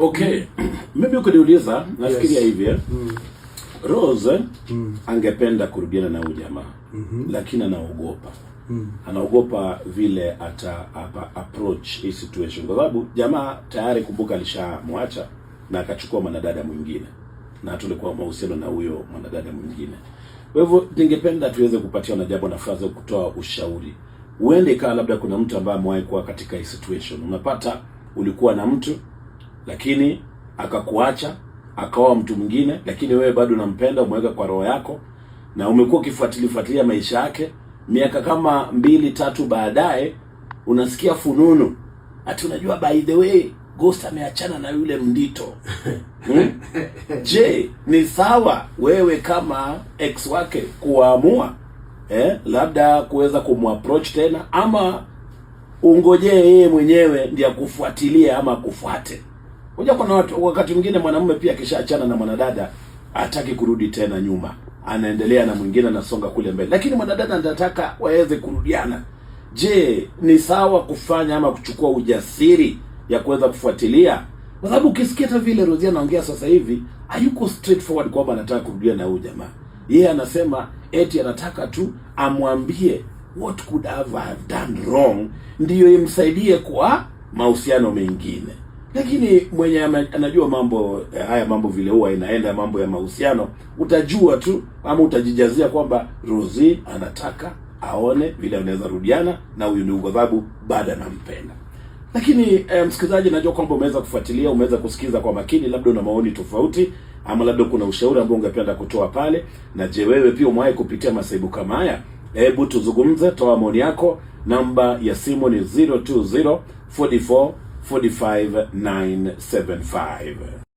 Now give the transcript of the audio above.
Okay, maybe ukiniuliza nafikiria yes. hivi eh? mm. Rose eh, mm. angependa kurudiana na huyu jamaa mm -hmm. lakini anaogopa mm. anaogopa vile ata apa, approach hii situation kwa sababu jamaa tayari, kumbuka, alishamwacha na akachukua mwanadada mwingine, na tulikuwa mahusiano na huyo mwanadada mwingine. Kwa hivyo ningependa tuweze kupatia wanajambo nafasi ya kutoa ushauri. Uende ikawa labda kuna mtu ambaye amewahi kuwa katika hii situation, unapata ulikuwa na mtu lakini akakuacha akawa mtu mwingine, lakini wewe bado unampenda, umeweka kwa roho yako na umekuwa ukifuatilifuatilia maisha yake. Miaka kama mbili tatu baadaye unasikia fununu ati, unajua by the way Ghost ameachana na yule Mndito. hmm? Je, ni sawa wewe kama ex wake kuamua eh, labda kuweza kumapproach tena, ama ungojee yeye mwenyewe ndiye akufuatilie ama akufuate? Unajua kuna watu wakati mwingine mwanamume pia akishaachana na mwanadada hataki kurudi tena nyuma, anaendelea na mwingine, anasonga kule mbele, lakini mwanadada anataka waweze kurudiana. Je, ni sawa kufanya ama kuchukua ujasiri ya kuweza kufuatilia? Kwa sababu ukisikia hata vile Rosie anaongea sasa hivi hayuko straightforward kwamba anataka kurudia na huyu jamaa. Yeye anasema eti anataka tu amwambie what could have done wrong, ndiyo imsaidie kwa mahusiano mengine. Lakini mwenye anajua mambo eh, haya mambo vile huwa inaenda mambo ya mahusiano, utajua tu ama utajijazia kwamba Rozi anataka aone vile anaweza rudiana na huyu ndugu, kwa sababu bado anampenda. Lakini eh, msikilizaji, najua kwamba umeweza kufuatilia, umeweza kusikiza kwa makini, labda una maoni tofauti ama labda kuna ushauri ambao ungependa kutoa pale. Na je, wewe pia umewahi kupitia masaibu kama haya? Hebu tuzungumze, toa maoni yako. Namba ya simu ni 02044 45975.